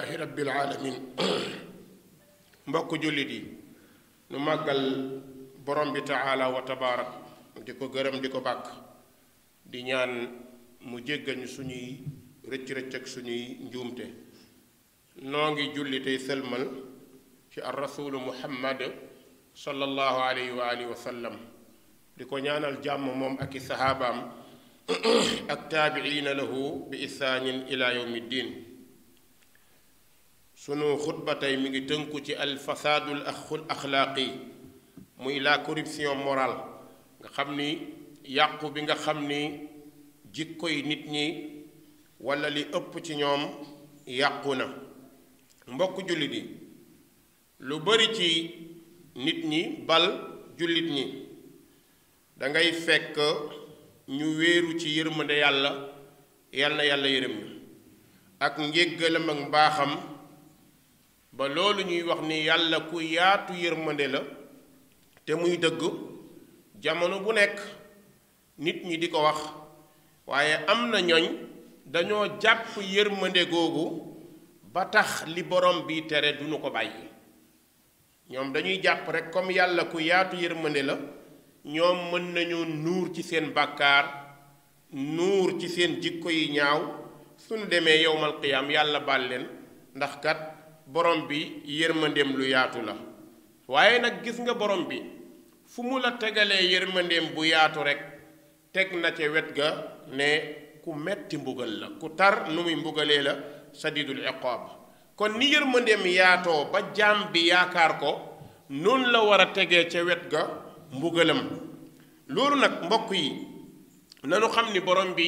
alhamdulilahi rabbil alamin mbokk jullit yi nu màggal borom bi taala wa tabaarak di ko gërëm di ko bàkk di ñaan mu jéggal ñu suñuy rëcc-rëcc suñuy njuumte noo ngi julli tey sëlmal ci ar muhammad sallallahu alayhi wa alihi di ko ñaanal jàmm moom ak i sahaabaam ak taabiina lahu bi isaanin ila yawmi sunu ba tey mi ngi tënku ci al ak axlaaqi muy la corruption morale nga xam ni yàqu bi nga xam ni jikko yi nit ñi walla li ëpp ci ñoom yàqu na mbokk jullit yi lu bari ci nit ñi bal jullit ñi dangay fekk ñu wéeru ci yërmande yàlla yal yàlla yërëm ñu ak njéggalam ak mbaaxam ba loolu ñuy wax ni yàlla ku yaatu yërmande la te muy dëggu jamono bu nekk nit ñi di ko wax waaye am na ñooñ dañoo jàpp yërmande googu ba tax li borom bi tere duñu ko bàyyi ñoom dañuy jàpp rek comme yàlla ku yaatu yërmande la ñoom mën nañu nuur ci seen bàkkaar nuur ci seen jikko yi ñaaw suñu demee yowmal qiyaam yàlla baal ndax kat borom bi yërmandeem lu yaatu la waaye nag gis nga borom bi fu mu la tegalee yërmandeem bu yaatu rekk teg na ca wet ga ne ku metti mbugal la ku tar nu muy mbugalee la sadidul iqaab kon ni yërmandeem yaatoo ba jaam bi yaakaar ko noonu la war a tegee ca wet ga mbugalam loolu nag mbokk yi nanu xam ni borom bi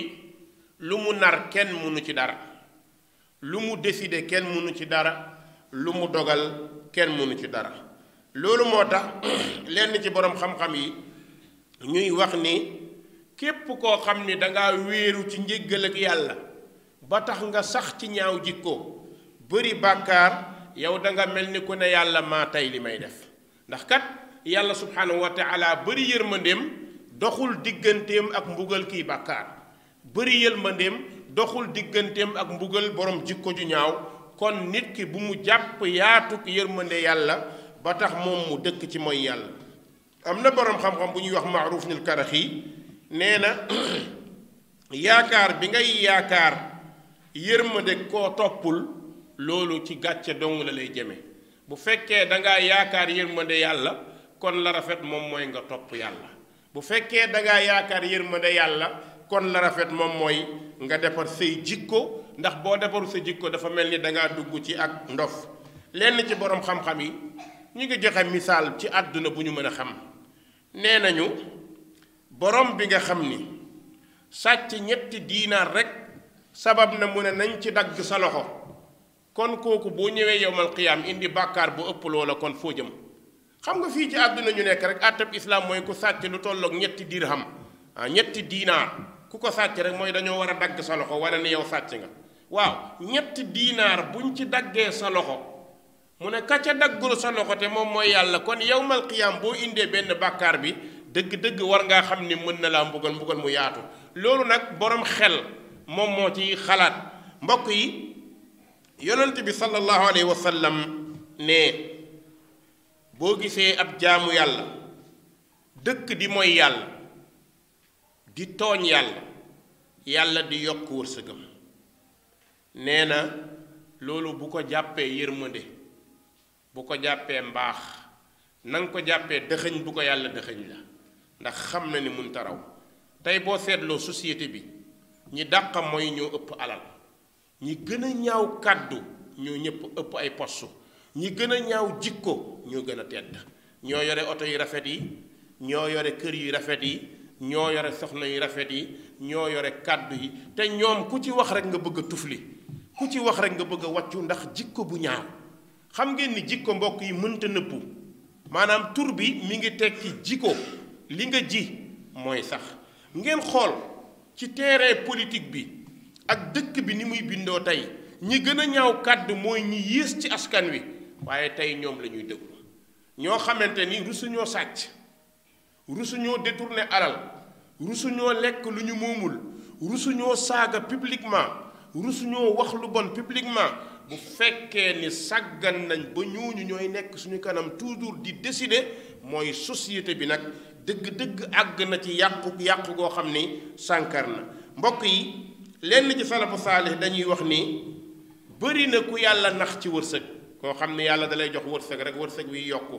lu mu nar kenn mënu ci dara lu mu décider kenn mënu ci dara lu mu dogal kenn mënu ci dara loolu moo tax lenn ci boroom xam-xam yi ñuy wax ni képp koo xam ni danga wéeru ci njéggal ak yàlla ba tax nga sax ci ñaaw jikko bari bàkkaar yow danga mel ni ku ne yàlla maa tey li may def ndax kat yàlla subhanahu bari taala bëri yërmandeem doxul digganteem ak mbugal kii bàkkaar bëri yërmandeem doxul digganteem ak mbugal borom jikko ju ñaaw kon nit ki bu mu jàpp yaatuk yërmande yàlla ba tax moom mu dëkk ci mooy yàlla am na boroom xam-xam bu ñuy wax maaruf nil karaxi nee na yaakaar bi ngay yaakaar yërmande koo toppul loolu ci gàcce dong la lay jëme bu fekkee dangaa yaakaar yërmande yàlla kon la rafet moom mooy nga topp yàlla bu fekkee dangaa yaakaar yërmande yàlla kon la rafet moom mooy nga defar say jikko ndax boo defaru sa jikko dafa mel ni dangaa dugg ci ak ndof lenn ci boroom xam-xam yi ñu ngi joxe misaal ci àdduna bu ñu mën a xam nee nañu boroom bi nga xam ni sàcc ñetti diinaar rekk sabab na mu ne nañ ci dagg sa loxo kon kooku boo ñëwee yowmal qiyaam indi bàkkaar bu ëpp loola kon foo jëm xam nga fii ci àdduna ñu nekk rek àttab islaam mooy ku sàcc lu tollook ñetti dirham ah, ñetti diinaar ku ko sàcc rek mooy dañoo war a dagg sa loxo wala ni yow sàcc nga waaw ñetti diinaar buñ ci daggee sa loxo mu ne ka ca daggul sa loxo te moom mooy yàlla kon yowmal qiyaam boo indee benn bàkkaar bi dëgg-dëgg war ngaa xam ni mën na laa mbugal mbugal mu yaatu loolu nag boroom xel moom moo ci xalaat mbokk yi yonent bi sallallahu alayhi wa sallam ne boo gisee ab jaamu yàlla dëkk di mooy yàlla di tooñ yàlla yàlla di yokk wërsëgam nee na loolu bu ko jàppee yërmande bu ko jàppee mbaax na nga ko jàppee dëxëñ bu ko yàlla dëxëñ la ndax xam na ni mun taraw tey boo seetloo société bi ñi dàq mooy ñoo ëpp alal ñi gën a ñaaw kàddu ñoo ñëpp ëpp ay postu ñi gën a ñaaw jikko ñoo gën a tedd ñoo yore oto yu rafet yi ñoo yore kër yu rafet yi ñoo yore soxna yu rafet yi ñoo yore kàddu yi te ñoom ku ci wax rek nga bëgg a tufli ku ci wax rek nga bëgg a wàccu ndax jikko bu ñaar xam ngeen ni jikko mbokk yi mënta nëbbu maanaam tur bi mi ngi tekki jikko li nga ji mooy sax ngeen xool ci terrain politique bi ak dëkk bi ni muy bindoo tey ñi gën a ñaaw kàddu mooy ñi yées ci askan wi waaye tey ñoom lañuy ñuy ñoo xamante ni rusuñoo sàcc rusuñoo détourné alal rusuñoo lekk lu ñu moomul rusuñoo saaga publiquement rusuñoo wax lu bon publiquement bu fekkee ni sàggan nañ ba ñooñu ñooy nekk suñu kanam toujours di décider mooy société bi nag dëgg-dëgg àgg na ci yàqu yàqu goo xam ni sànkar na mbokk yi lenn ci salafu saalih dañuy wax ni bëri na ku yàlla nax ci wërsëg koo xam ni yàlla dalay jox wërsëg rek wërsëg wi yokku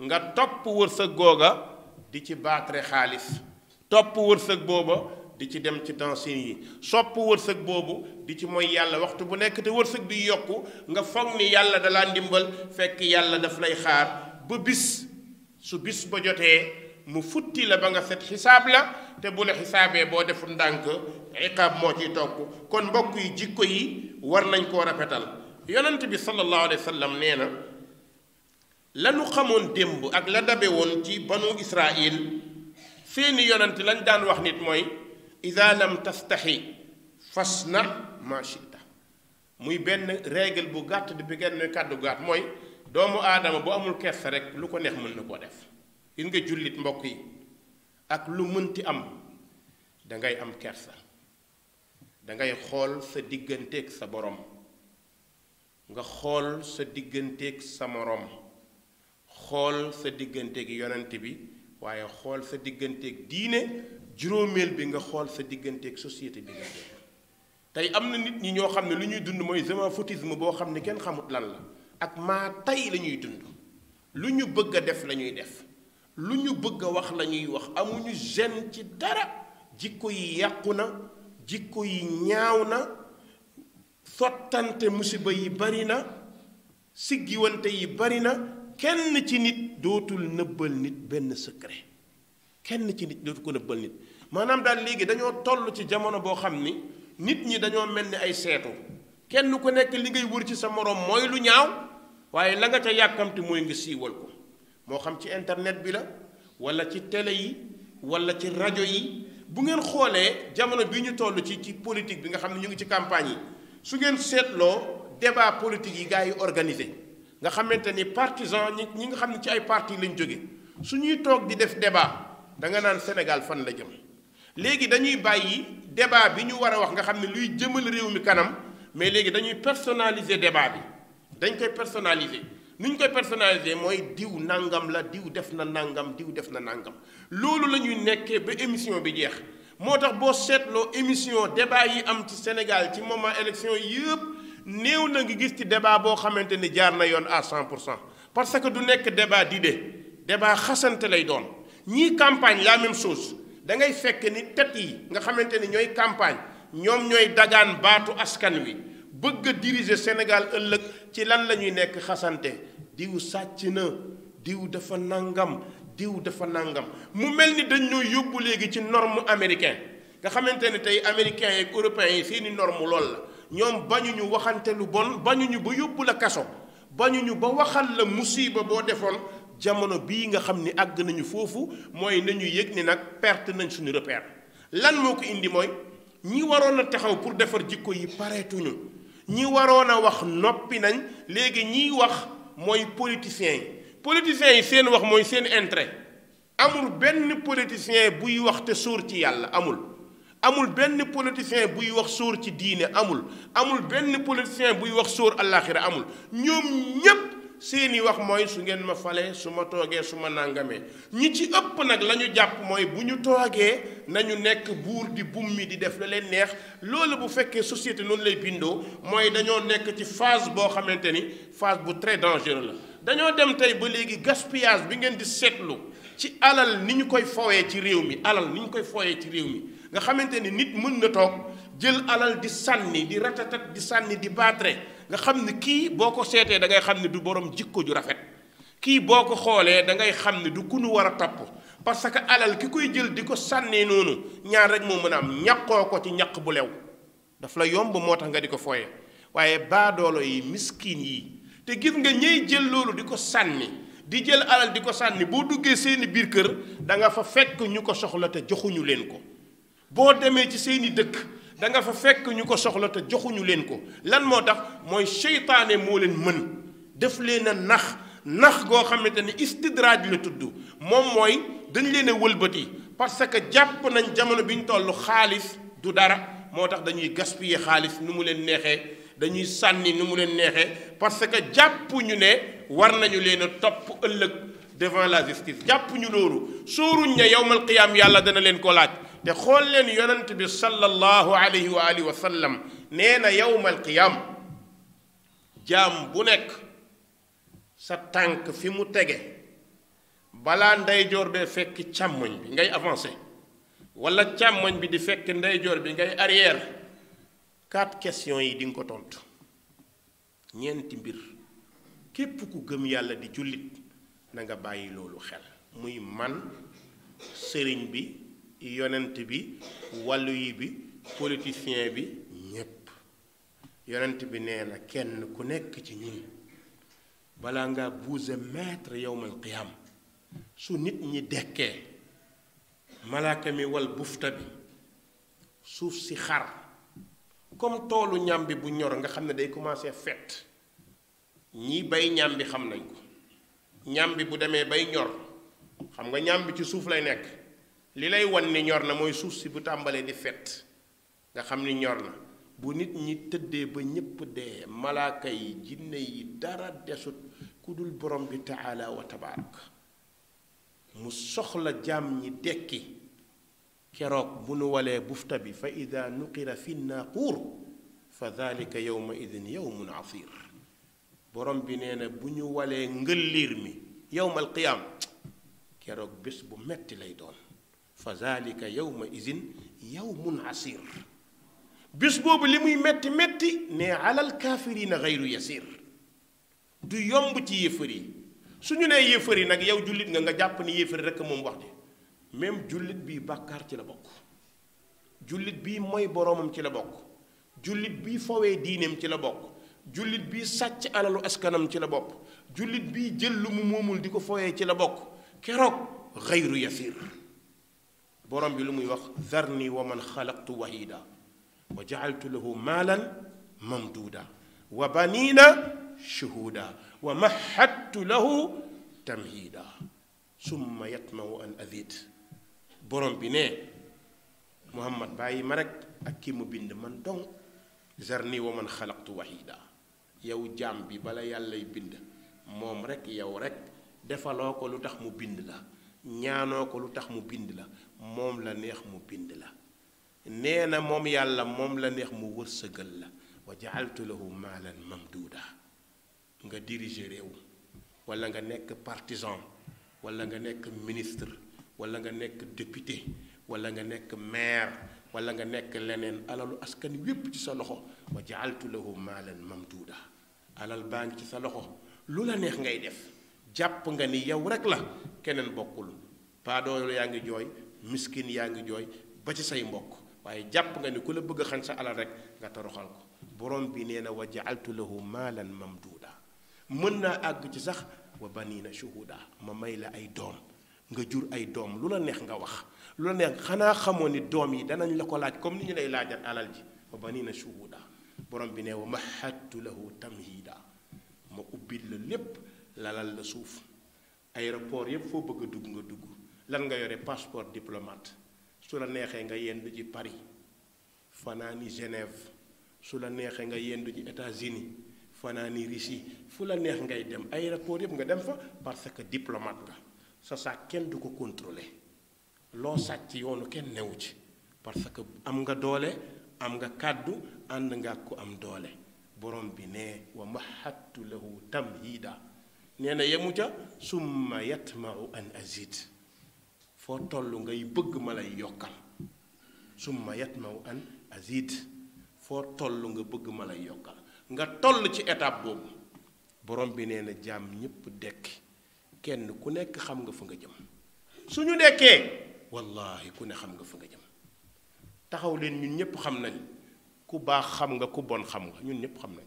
nga topp wërsëg googa di ci baatre xaalis topp wërsëg booba di ci dem ci dansin yi sopp wërsëg boobu di ci mooy yàlla waxtu bu nekk te wërsëg bi yokku nga foog ni yàlla dalaa ndimbal fekk yàlla daf lay xaar ba bis su bis ba jotee mu futti la ba nga set xisaab la te bu la xisaabee boo deful ndànk iqaab moo ciy topp kon mbokk yi jikko yi war nañ koo rafetal yonent bi sallallahu alayhi wa sallam nee na lanu xamoon démb ak la dabe woon ci banu israil seeni yonent lañ daan wax nit mooy ida tas taxi fas na ma muy benn règle bu gàtt di bi genn kàddu gàtt mooy doomu aadama bu amul kersa rek lu ko neex mën na koo def gis nga jullit mbokk yi ak lu mënti am dangay am kersa dangay xool sa digganteeg sa borom nga xool sa digganteeg sa moroom xool sa digganteeg yonent bi waaye xool sa digganteeg diine juróomeel bi nga xool sa digganteeg société bi nga jël tey am na nit ñi ñoo xam ne lu ñuy dund mooy zémophotisme boo xam ne kenn xamut lan la ak maa tey lañuy dund lu ñu bëgg a def lañuy def lu ñu bëgg a wax lañuy wax amuñu gêne ci dara jikko yi yàqu na jikko yi ñaaw na sottante musiba yi bari na siggiwante yi bari na kenn ci nit dootul nëbbal nit benn secret kenn ci nit dootu ko nëbbal nit maanaam daal léegi dañoo tollu ci jamono boo xam ni nit ñi dañoo mel ni ay seetu kenn ku nekk li ngay wër ci sa moroom mooy lu ñaaw waaye la nga ca yàkkamte mooy nga siiwal ko moo xam ci internet bi la walla ci télé yi walla ci rajo yi bu ngeen xoolee jamono bi ñu toll ci ci politique bi nga xam ne ñu ngi ci campagne yi su ngeen seetloo débat politique yi gars yi organisé nga xamante ni partisan ñi ñi nga xam ne ci ay parti lañ jóge su ñuy toog di def débat da nga naan Sénégal fan la jëm léegi dañuy bàyyi débat bi ñu war a wax nga xam ne luy jëmal réew mi kanam mais léegi dañuy personnaliser débat bi dañ koy personnaliser ni ñu koy personnaliser mooy diw nangam la diw def na nangam diw def na nangam loolu la ñuy nekkee ba émission bi jeex moo tax boo seetloo émission débat yi am ci Sénégal ci moment élection yëpp. néew na ngi gis ci débat boo xamante ni jaar na yoon à cent pour cent parce que du nekk débat d'idée débat xasante lay doon ñii campagne la soos chose da ngay fekk ni tet yi nga xamante ni ñooy campagne ñoom ñooy dagaan baatu askan wi bëgg a Sénégal ëllëg ci lan la ñuy nekk xasante diw sàcc na diw dafa nangam diw dafa nangam mu mel ni dañ ñoo yóbbu léegi ci norme américain nga xamante ne tey américains yeeg européens yi seeni norme lool la ñoom bañuñu waxante lu bon bañuñu ba yóbbu la kaso bañuñu ba waxal la musiba boo defoon jamono bii nga xam ni àgg nañu foofu mooy nañu yëg ni nag perte nañ suñu repère lan moo ko indi mooy ñi waroon a taxaw pour defar jikko yi pareetuñu ñi waroon a wax noppi nañ léegi ñiy wax mooy politiciens yi politiciens yi seen wax mooy seen intérêt amul benn politicien buy wax te sóor ci yàlla amul amul benn politicien buy wax sóor ci diine amul amul benn politicien buy wax sóor àllaaxira amul ñoom ñépp seeni wax mooy su ngeen ma falee su ma toogee su ma nàngamee ñi ci ëpp nag la ñu jàpp mooy bu ñu toogee nañu nekk buur di bummi di def la leen neex loolu bu fekkee société noonu lay bindoo mooy dañoo nekk ci phase boo xamante ni phase bu très dangereux la dañoo dem tey ba léegi gaspillage bi ngeen di seetlu ci alal ni ñu koy fowee ci réew mi alal ni koy fowee ci réew mi nga xamante ni nit mën na toog jël alal di sànni di ratatat di sànni di baatre nga xam ne kii boo ko seetee da ngay xam ne du borom jikko ju rafet kii boo ko xoolee da ngay xam ne du ku nu war a topp parce que alal ki koy jël di ko sànnee noonu ñaar rek moo mën a am ñaqoo ko ci ñaq bu lew daf la yomb moo tax nga di ko fooye waaye baadoolo yi miskin yi te gis nga ñey jël loolu di ko sànni di jël alal di ko sànni boo duggee seeni biir kër danga fa fekk ñu ko soxla te joxuñu leen ko boo demee ci seeni dëkk da nga fa fekk ñu ko soxla te joxuñu leen ko lan moo tax mooy seytaane moo leen mën def leen a nax nax goo xamante ne istidraaj la tudd moom mooy dañu leen wëlbati parce que jàpp nañ jamono bi ñu toll xaalis du dara moo tax dañuy gaspiller xaalis nu mu leen neexee dañuy sànni nu mu leen neexee parce que jàpp ñu ne war nañu leen topp ëllëg devant la justice jàppuñu ñu loolu sóoruñ ne yowmal qiyaam yàlla dana leen ko laaj te xool leen yonent bi sallallahu alayhi wa alihi wa sallam nee na yowmal qiyam jaam bu nekk sa tànk fi mu tege balaa ndeyjoor bee fekk càmmoñ bi ngay avancé wala càmmoñ bi di fekk ndeyjoor bi ngay arrière quatre questions yi di nga ko tontu ñeenti mbir képp ku gëm yàlla di jullit na nga bàyyi loolu xel muy man sëriñ bi yonent bi wàllu yi bi politicien bi ñépp yonent bi nee na kenn ku nekk ci ñun balaa ngaa buuse mètre yowmal qiyaam su nit ñi dekkee malaaka mi wal bufta bi suuf si xar comme toolu ñam bi bu ñor nga xam ne day commencé fett ñii bay ñam bi xam nañ ko ñam bi bu demee bay ñor xam nga ñam bi ci suuf lay nekk li lay wan ni ñor na mooy suuf si bu tàmbalee di fet nga xam ni ñor na bu nit ñi tëddee ba ñépp dee malaaka yi jinne yi dara desut ku dul borom bi taala wa tabaarak mu soxla jaam ñi dekki keroog bu nu walee bufta bi fa ida nuqira fi naaquur fa dalika yowma idin yowmun asir borom bi nee na bu ñu walee liir mi yowmal qiyaam keroog bés bu metti lay doon fa zalika yawma izin yawmun asir bis boobu li muy metti metti ne alal kaafirina xayru yasir du yomb ci yéefar yi su ñu nee yéefar yi nag yow jullit nga nga jàpp ni yéefar rekk moom wax ji même jullit bii bàkkaar ci la bokk jullit bii mooy boromam ci la bokk jullit bii fowee diineem ci la bokk jullit bii sàcc alalu askanam ci la bokk jullit bii jël lu mu moomul di ko fowee ci la bokk keroog xayru yasir borom bi lu muy wax zarni wa man xalaqtu wahida wa jaaltu lahu maalan mamduuda wa banina shuhuda wa maxattu lahu tamhiida summa yatmahu an azid borom bi ne muhammad bàyyi ma rek ak ki mu bind man dong zarni wa man xalaqtu wahida yow jaam bi bala yàllay bind moom rekk yow rek defaloo ko lu tax mu bind la ñaanoo ko lu tax mu bind la moom la neex mu bind la nee na moom yàlla moom la neex mu wër wërsëgal la wa jaaltu lahu maalan mamduuda nga diriger réew wala nga nekk partisan walla nga nekk ministre wala nga nekk député wala nga nekk maire wala nga nekk leneen alalu askan wépp ci sa loxo wa jaaltu lahu maalan mamduuda alal baa ngi ci sa loxo lu la neex ngay def jàpp nga ni yow rek la keneen bokkul paadoolu yaa ngi jooy miskin yaa ngi jooy ba ci say mbokk waaye jàpp nga ni ku la bëgg xan sa alal rek nga toroxal ko borom bi nee na wa jaaltu lahu maalan mamduuda mën naa àgg ci sax wa banina shuhuda ma may la ay doom nga jur ay doom lu la neex nga wax lu la neex xanaa xamoon ni doom yi danañ la ko laaj comme ni ñu lay laajal alal ji wa banina shuhuda borom bi ne wa mahattu lahu tamhida ma ubbil la lépp lalal la suuf aéroport yépp foo bëgg a dugg nga dugg lan nga yore passeport diplomate su la neexee nga yendu ji Paris fanaani Genève su la neexee nga yendu ji États-Unis fanaani Russie fu la neex ngay dem aéroport yépp nga dem fa parce que diplomate nga sa saak kenn du ko contrôler loo sàcc yoonu kenn newu ci parce que am nga doole am nga kàddu ànd nga ko am doole borom bi ne wa mahattu lahu tamhida nee yemu ca summa yatmau an azid foo tollu ngay bëgg ma lay yokkal summa yatmau an azid foo tollu nga bëgg ma lay yokkal nga toll ci étape boobu borom bi nee na jaam ñépp dekki kenn ku nekk xam nga fa nga jëm su ñu dekkee wallaahi ku ne xam nga fa nga jëm taxaw leen ñun ñépp xam nañ ku baax xam nga ku bon xam nga ñun ñépp xam nañ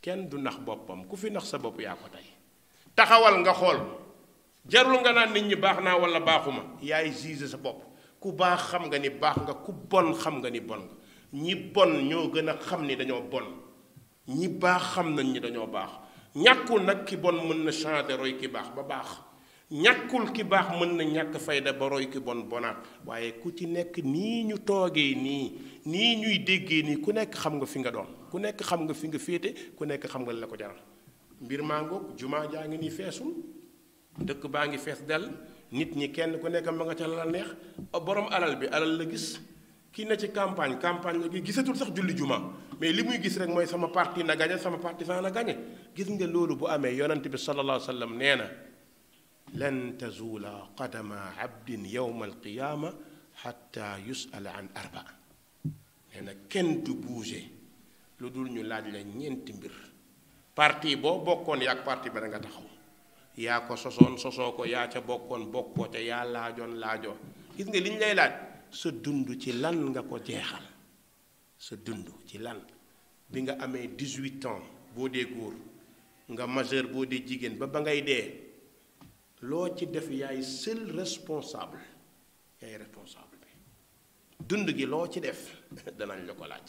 kenn du nax boppam ku fi nax sa bopp yaa ko tey taxawal nga xool jarul nga naan nit ñi baax naa wala baaxuma yaay juge sa bopp ku baax xam nga ni baax nga ku bon xam nga ni bon ñi bon ñoo gën a xam ni dañoo bon ñi baax xam nañ ni dañoo baax ñàkkul nag ki bon mën na changer roy ki baax ba baax ñàkkul ki baax mën na ñàkk fayda ba roy ki bon bonaat waaye ku ci nekk nii ñu toogee nii nii ñuy déggee nii ku nekk xam nga fi nga doon ku nekk xam nga fi nga féete ku nekk xam nga la ko jaral mbir maa ngoog jumaa jaa ngi nii feesul dëkk baa ngi fees dal nit ñi kenn ku nekk ma nga ca la neex borom alal bi alal la gis kii na ci campagne campagne la gi gisatul sax julli jumaa mais li muy gis rek mooy sama parti na gañe sama parti partisan na gañe gis nga loolu bu amee yonent bi sallallahu alayhi wa sallam nee na lan tazuula qadama abdin yowma alqiyaama xatta yusala an arba nee kenn du bouger lu dul ñu laaj la ñeenti mbir parti boo bokkoon yaag parti ba da nga taxaw yaa ko sosoon sosoo ko yaa ca bokkoon bokkoo ca yaa laajoon laajoo gis nga li ñu lay laaj sa dund ci lan nga ko jeexal sa dund ci lan bi nga amee 18 ans boo dee góor nga majeur boo dee jigéen ba ba ngay dee loo ci def yaay seul responsable yaay responsable bi dund gi loo ci def danañ la ko laaj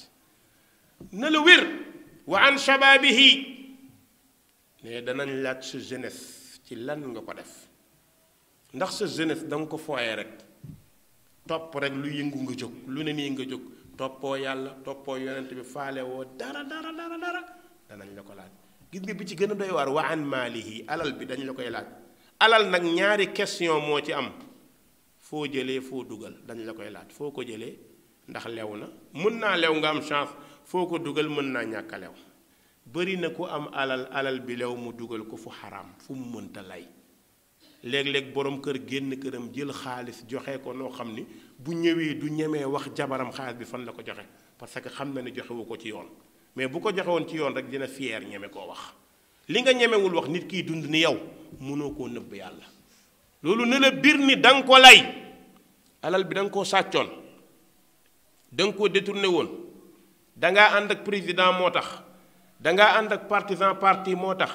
na la wér wa an shababihi mais danañ laaj sa jeunesse ci lan nga ko def ndax sa jeunesse da nga ko fooyee rek topp rek lu yëngu nga jóg lu ne nii nga jóg toppoo yàlla toppoo yonent bi faale woo dara dara dara danañ la ko laaj gis nga bi ci gën a doy waar wa an maalihi alal bi dañ la koy laaj alal nag ñaari question moo ci am foo jëlee foo dugal dañ la koy laaj foo ko jëlee ndax lew na mën naa lew nga am chance foo ko dugal mën naa ñàkk lew bari na ku am alal alal bi lew mu dugal ko fu xaraam fu mu mënta lay léeg-léeg borom kër génn këram jël xaalis joxe ko noo xam ni bu ñëwee du ñemee wax jabaram xaalis bi fan la ko joxe parce que xam na ne joxewu ko ci yoon mais bu ko joxewoon ci yoon rek dina fier ñeme koo wax li nga ñemewul wax nit kiy dund ni yow mënoo koo nëbb yàlla loolu ne la bir ni da nga ko lay alal bi da nga koo sàccoon da ko koo détourné woon da ngaa ànd ak président moo tax da ngaa ànd ak partisan parti moo tax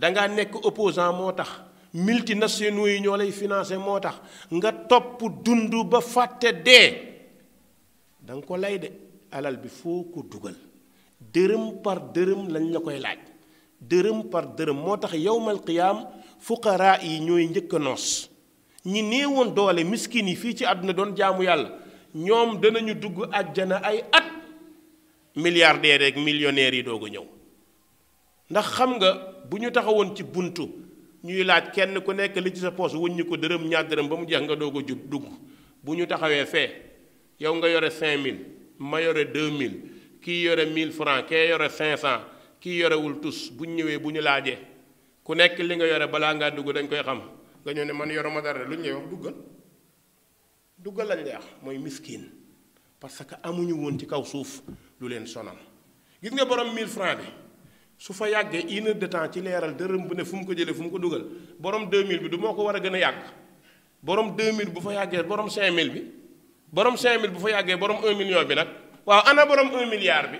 da ngaa nekk opposant moo tax multinationaux yi ñoo lay financé moo tax nga topp dund ba fàtte dee da ko lay de alal bi foo ko dugal dërëm par dërëm lañ la koy laaj dërëm par dërëm moo tax yowmal qiyaam fuqaraa yi ñooy njëkk a noos ñi woon doole miskin yi fii ci àdduna doon jaamu yàlla ñoom danañu dugg àjjana ay at milliardaires ak millionnaires yi doog a ñëw ndax xam nga bu ñu taxawoon ci buntu ñuy laaj kenn ku nekk li ci sa poos wuññi ko dërëm ñaar dërëm ba mu jeex nga doog a jub dugg bu ñu taxawee fee yow nga yore mille ma yore 2000 kii yore 1000 francs kee yore 500 kii yorewul tus bu ñu ñëwee bu ñu laajee ku nekk li nga yore balaa ngaa dugg dañ koy xam nga ñëw ne man yore ma dara lu ñu lay wax duggal duggal lañ lay mooy miskin parce que amuñu woon ci kaw suuf lu leen sonal gis nga borom 1000 francs bi. su fa yàggee une heure de temps ci leeral dërëm bu ne fu mu ko jëlee fu mu ko dugal borom 2000 bi du moo ko war a gën a yàgg borom 2000 bu fa yàggee borom mille bi borom mille bu fa yàggee borom 1 million bi nag waaw ana borom 1 milliard bi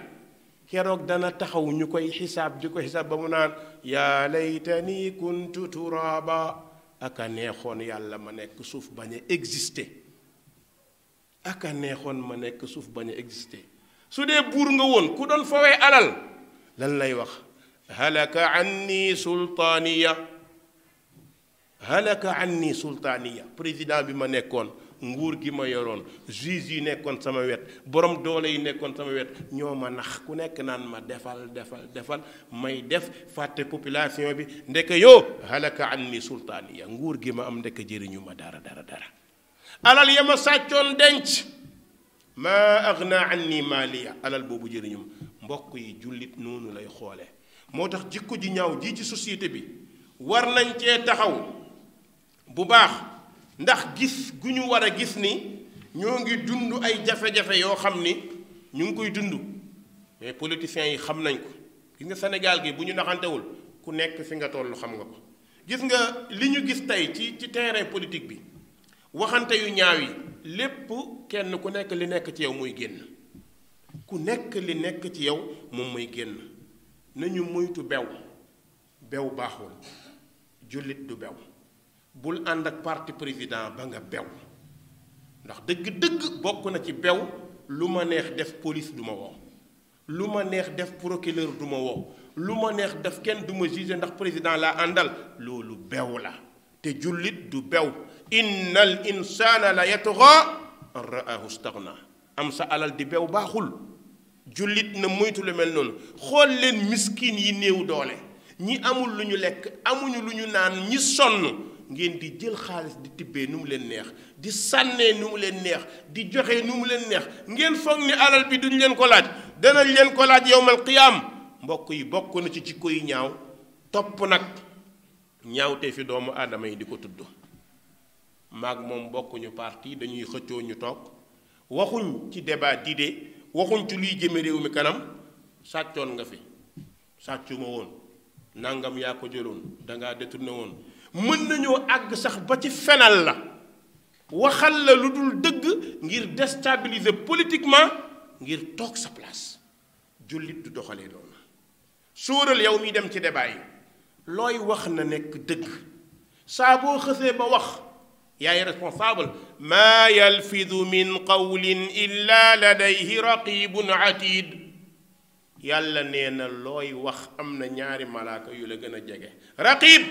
keroog dana taxaw ñu koy xisaab di ko xisaab ba mu naan yaa laytani kuntu turaba aka neexoon yàlla ma nekk suuf bañ a existé aka neexoon ma nekk suuf bañ a existé su dee buur nga woon ku doon fowee alal lan lay wax halaka anni sultaaniya halaka anni sultaaniya président bi ma nekkoon nguur gi ma yoroon juge yi nekkoon sama wet boroom doole yi nekkoon sama wet ñoo ma nax ku nekk naan ma defal defal defal may def fàtte population bi ndeke yoo halaka anni sultaaniya nguur gi ma am ndekk jëriñu ma dara dara dara alal ya ma sàccoon denc maa agna anni maaliya alal boobu jëriñu mbokk yi jullit noonu lay xoole moo tax jikko ji ñaaw jii ci société bi war nañ cee taxaw bu baax ndax gis gu ñu war a gis ni ñoo ngi dund ay jafe-jafe yoo xam ni ñu ngi koy dund mais politiciens yi xam nañ ko gis nga Sénégal gi bu ñu naxantewul ku nekk fi nga tollu xam nga ko gis nga li ñu gis tey ci ci terrain politique bi waxante yu ñaaw yi lépp kenn ku nekk li nekk ci yow muy génn ku nekk li nekk ci yow moom muy génn nañu moytu bew bew baaxul jullit du bew bul ànd ak parti président ba nga bew ndax dëgg-dëgg bokk na ci bew lu ma neex def police du ma lu ma neex def procureur du ma woo lu ma neex def kenn du ma juge ndax président laa àndal loolu bew la te jullit du beew inna al insana la yatgha an ra'ahu istaghna am sa alal di bew baaxul jullit na moytule mel noonu xool leen miskin yi néew doole ñi amul lu ñu lekk amuñu lu ñu naan ñi sonn ngeen di jël xaalis di tibbee nu mu leen neex di sànnee nu mu leen neex di joxe nu mu leen neex ngeen foog ni alal bi duñ leen ko laaj danañ leen ko laaj yowmal qiyaam mbokk yi bokk na ci jikko yi ñaaw topp nag ñaawte fi doomu aadama yi di ko tudd maag moom bokkuñu parti dañuy xëccoo ñu toog waxuñ ci débat d'idées waxuñ ci luy jëme réew mi kanam sàccoon nga fi sàccuma woon nangam yaa ko jëloon danga détourné woon mën nañoo àgg sax ba ci fenal la waxal la lu dul dëgg ngir déstabiliser politiquement ngir toog sa place jullit du doxalee doon sóoral yow miy dem ci débat yi looy wax na nekk dëgg saa boo xësee ba wax yaay responsable ma yalfidu min qawlin illa ladayhi raqibun atid yàlla nee na looy wax am na ñaari malaaka yu la gën a jege raqib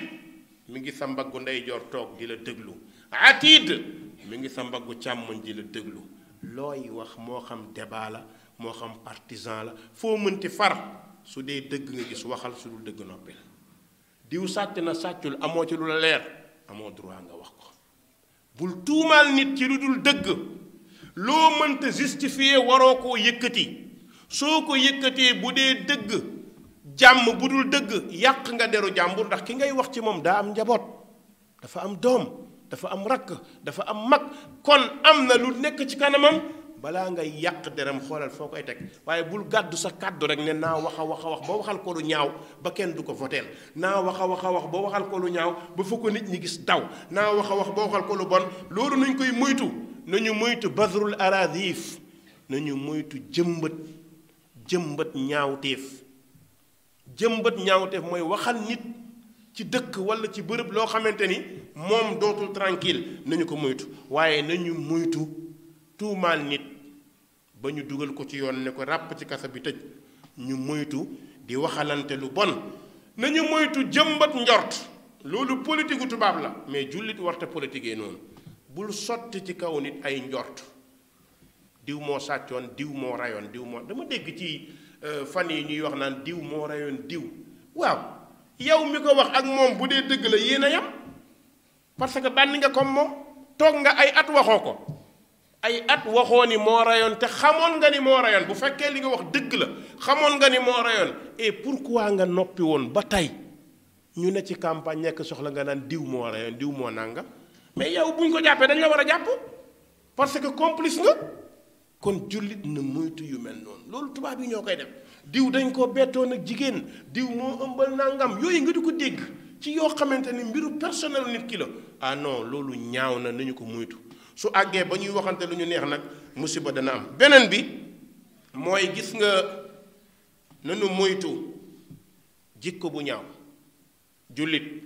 mu ngi sa mbaggu ndeyjoor toog di la déglu atid mi ngi sa mbaggu càmmoñ di la déglu looy wax moo xam débat la moo xam partisan la foo mënti far su dee dëgg nga gis waxal su dul dëgg noppi la diw sàcc na sàccul amoo ci lu la leer amoo droit nga wax ko bul tuumaal nit ci lu dul dëgg loo mënta justifier waroo koo yëkkati soo ko yëkkatee bu dee dëgg jàmm bu dul dëgg yàq nga deru jàmbur ndax ki ngay wax ci moom daa am njaboot dafa am doom dafa am rakk dafa am mag kon am na lu nekk ci kanamam balaa ngay yàq deram xoolal foo koy teg waaye bul gàddu sa kàddu rek ne naa wax a wax a wax ba waxal ko lu ñaaw ba kenn du ko voteel naa wax a wax a wax ba waxal lu ñaaw ba fa ko nit ñi gis daw naa wax a wax ba waxal ko lu bon loolu nuñ koy moytu nañu moytu badrul aradif nañu moytu jëmbat jëmbët ñaawteef jëmbat ñaawteef mooy waxal nit ci dëkk walla ci bërëb loo xamante ni moom dootul tranquille nañu ko moytu waaye nañu moytu tuumaal nit ba ñu dugal ko ci yoon ne ko ràpp ci kasa bi tëj ñu moytu di waxalante lu bon nañu moytu jëmbat njort loolu politique tubaab la mais jullit warta politiquee noonu bul sotti ci kaw nit ay njort diw moo sàccoon diw moo rayoon diw moo dama dégg ci euh, fan yi ñuy wax naan diw moo rayoon diw waaw yow mi ko wax ak moom bu dee dëgg la yéen a yam parce que bànni nga comme moom toog nga ay at waxoo ko ay at waxoo ni moo rayoon te xamoon nga ni moo rayoon bu fekkee li nga wax dëgg la xamoon nga ni moo rayoon pour pourquoi nga noppi woon ba tey ñu ne ci campagne nekk soxla nga naan diw moo rayoon diw moo nanga mais yow ñu ko jàppee dañ la war a jàpp parce que complice nga kon jullit na moytu yu mel noonu loolu tubaab yi ñoo koy def diw dañ koo bettoon ak jigéen diw moo ëmbal nangam yooyu nga di ko dégg ci yoo xamante ni mbiru personnel nit ki la ah non loolu ñaaw na nañu ko muytu su àggee ba ñuy waxante lu ñu neex nag musiba dana am beneen bi mooy gis nga nanu moytu jikko bu ñaaw jullit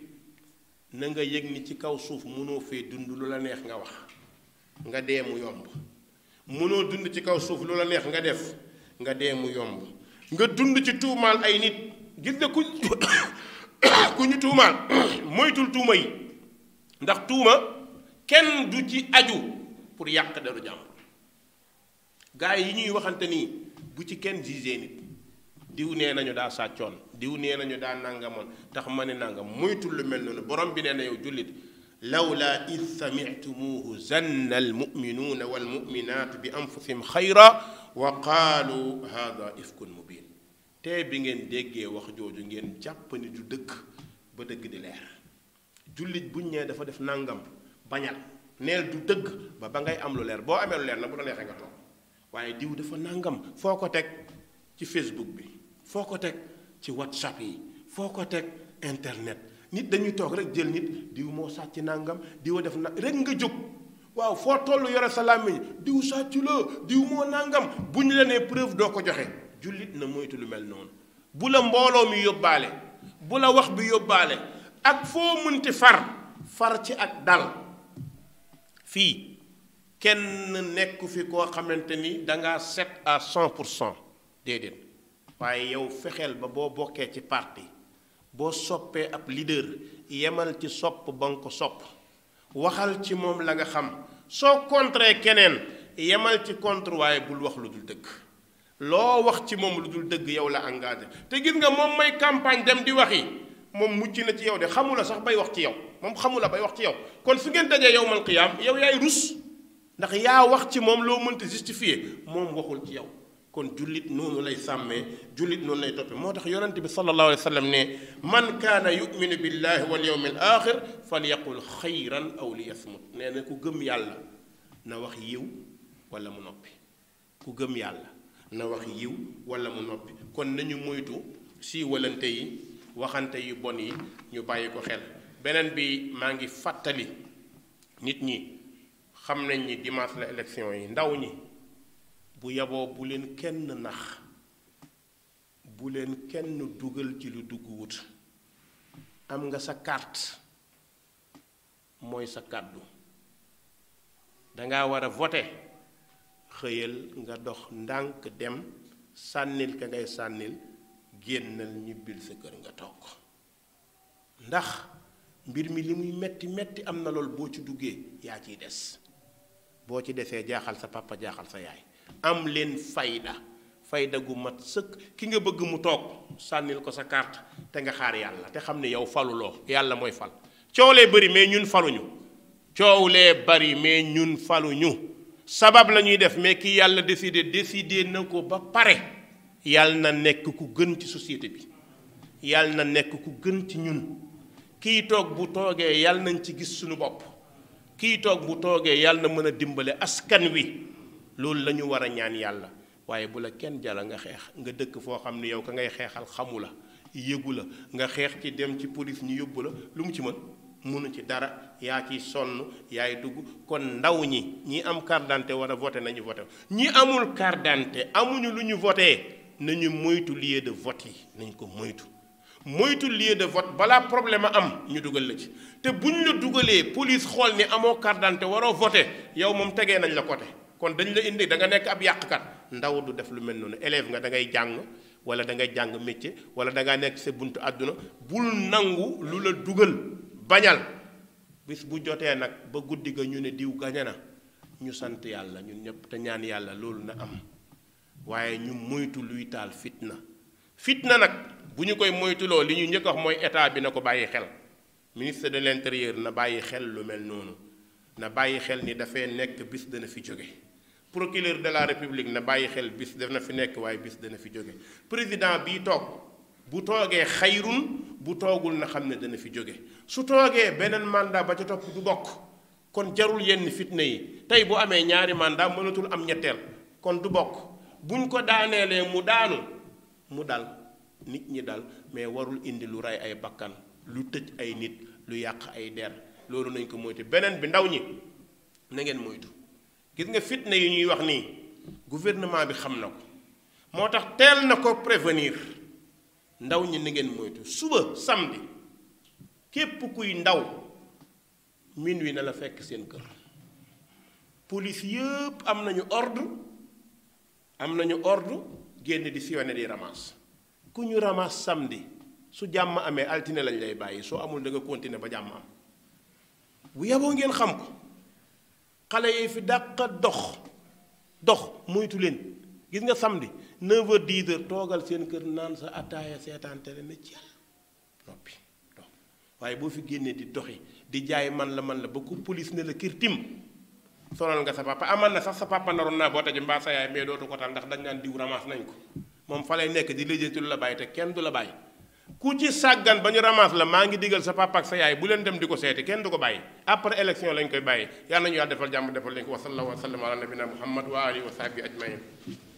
na nga yëg ni ci kaw suuf mënoo fee dund lu la neex nga wax nga dee mu yomb mënoo dund ci kaw suuf lu la neex nga def nga dee mu yomb nga dund ci tuumaal ay nit gis nga ku ku tuumaal moytul tuuma yi ndax tuuma kenn du ci aju pour yàq deru jàmbur gaa yi ñuy waxante nii bu ci kenn jugé nit diw nee nañu daa sàccoon diw nee nañu daa nangamoon tax ma ne nangam moytul lu mel noonu borom bi nee na yow jullit lawla id samictumuuhu zanna wa walmuminaatu bi anfusihim xayra wa qaalu hada ifkun mubin te bi ngeen déggee wax jooju ngeen jàpp ni du dëkk ba dëgg di leer jullit buñ nee dafa def nangam bañal nee du dëgg ba ba ngay am lu leer boo amee lu leer nag bu la neexee nga toog waaye diw dafa nangam foo ko teg ci Facebook bi foo ko teg ci WhatsApp yi foo ko teg internet nit dañuy toog rek jël nit diw moo sàcc nangam diw def na rek nga jóg waaw foo toll yore sa làmmiñ diw sàcc la diw moo nangam bu ñu la nee preuve doo ko joxe jullit na moytu lu mel noonu bu la mbooloo mi yóbbaale bu la wax bi yóbbaale ak foo mënti far far ci ak dal fii kenn nekku fi koo xamante ni dangaa set à cent pour cent déedéet waaye yow fexeel ba boo bokkee ci parti boo soppee ab leader yemal ci sopp ba nga ko sopp waxal ci moom la nga xam soo contre keneen yemal ci contre waaye bul wax lu dul dëgg loo wax ci moom lu dul dëgg yow la engagé te gis nga moom may campagne dem di waxi moom mucc na ci yow de xamula sax bay wax ci yow moom xamula bay wax ci yow kon su ngeen dajee yow mal qiyaam yow yaay rus ndax yaa wax ci moom loo mënta justifier moom waxul ci yow kon jullit noonu lay sàmmee jullit noonu lay toppee moo tax yonent bi sallallahu alayhi wa sallam ne man kaana yuminu billahi wal yawmil axir falyaqul xayran aw liyasmut nee na ku gëm yàlla na wax yiw walla mu noppi ku gëm yàlla na wax yiw wala mu noppi kon nañu moytu siiwalante yi waxante yu bon yi ñu bàyyi ko xel beneen bi maa ngi fàttali nit ñi xam nañ ni dimanche la élection yi ndaw ñi bu yaboo bu leen kenn nax bu leen kenn dugal ci lu dugg wut am nga sa carte mooy sa kàddu danga war a voter xëyal nga dox ndànk dem sànnil ka ngay sànnil génnal ñibbil sa kër nga toog ndax mbir mi li muy metti metti am na lool boo ci duggee yaa ciy des boo ci desee jaaxal sa papa jaaxal sa yaay am leen fayda fayda gu mat sëkk ki nga bëgg mu toog sànnil ko sa carte te nga xaar yàlla te xam ne yow faluloo yàlla mooy fal coow lee bëri mais ñun faluñu coow lee bëri mais ñun faluñu sabab la ñuy def mais kii yàlla décidé décidé na ko ba pare yàlla na nekk ku gën ci société bi yàlla na nekk ku gën ci ñun kii toog bu toogee yàlla nañ ci gis suñu bopp kii toog bu toogee yàlla na mën a dimbale askan wi loolu lañu war a ñaan yàlla waaye bu la kenn jala nga xeex nga dëkk foo xam ne yow ka ngay xeexal xamu la yëgu la nga xeex ci dem ci police ñu yóbbu la lu mu ci mën mënu ci dara yaa ciy sonn yaay dugg kon ndaw ñi ñi am carte d'identité war a voté nañu voté ñi amul carte d'identité amuñu lu ñu vote nañu moytu lieu de vote yi nañ ko moytu moytu lieu de vote balaa problème am ñu dugal la ci te buñ la dugalee police xool ni amoo carte d'identité waroo voté yow moom tegee nañ la côté kon dañ la indi da nga nekk ab yàqkat ndaw du def lu mel noonu élève nga da ngay jàng wala da ngay jàng métier wala da ngaa nekk sa buntu àdduna bul nangu lu la dugal bañal bis bu jotee nag ba guddi ga ñu ne diw gañe na ñu sant yàlla ñun ñëpp te ñaan yàlla loolu na am waaye ñu moytu luy taal fitna fitna nag. bu ñu koy moytuloo li ñu njëkk wax mooy état bi na ko bàyyi xel ministre de l'intérieur na bàyyi xel lu mel noonu na bàyyi xel ni dafay nekk bis dana fi jóge procureur de la république na bàyyi xel bis dana fi nekk waaye bis dana fi jóge président bii toog bu toogee xayrun bu toogul na xam ne dana fi jóge su toogee beneen mandat ba ca topp du bokk kon jarul yenn fitna yi tey bu amee ñaari mandat mënatul am ñetteel kon du bokk buñ ko daaneelee mu daanu mu dal nit ñi dal mais warul indi lu rey ay bakkan lu tëj ay nit lu yàq ay der loolu nañ ko moytu beneen bi ndaw ñi na ngeen moytu gis nga fitna yi ñuy wax nii gouvernement bi xam na ko moo tax teel na ko prévenir ndaw ñi na ngeen moytu suba samedi képp kuy ndaw wi na la fekk seen kër polis yëpp am nañu ordre am nañu ordre génn di sillonner di ramasse ku ñu ramas samedi su jàmm amee altine lañ lay bàyyi soo amul da nga continuer ba jàmm am bu yeboo ngeen xam ko xale yi fi dàq dox dox moytu leen gis nga samedi 9h 10h toogal seen kër naan sa ataaya seetaan tele ne ci yàlla noppi waaye boo fi génnee di doxi di jaay man la man la ba ku police ne la kir tim sonal nga sa papa amal na sax sa papa naroon naa boo taje mbaa sa yaay mais dootu ko tal ndax dañ naan diw ramas nañ ko moom fa lay nekk di lijjanti lu la bàyyi te kenn du la bàyyi ku ci sàggan ba ñu ramasse la maa ngi digal sa papa ak sa yaay bu leen dem di ko seeti kenn du ko bàyyi après élection lañ koy bàyyi yàlla nañu yàlla defal jàmm defal lañ ko wa sallallahu wa sallam ala nabina muhammad wa alihi wa ajmain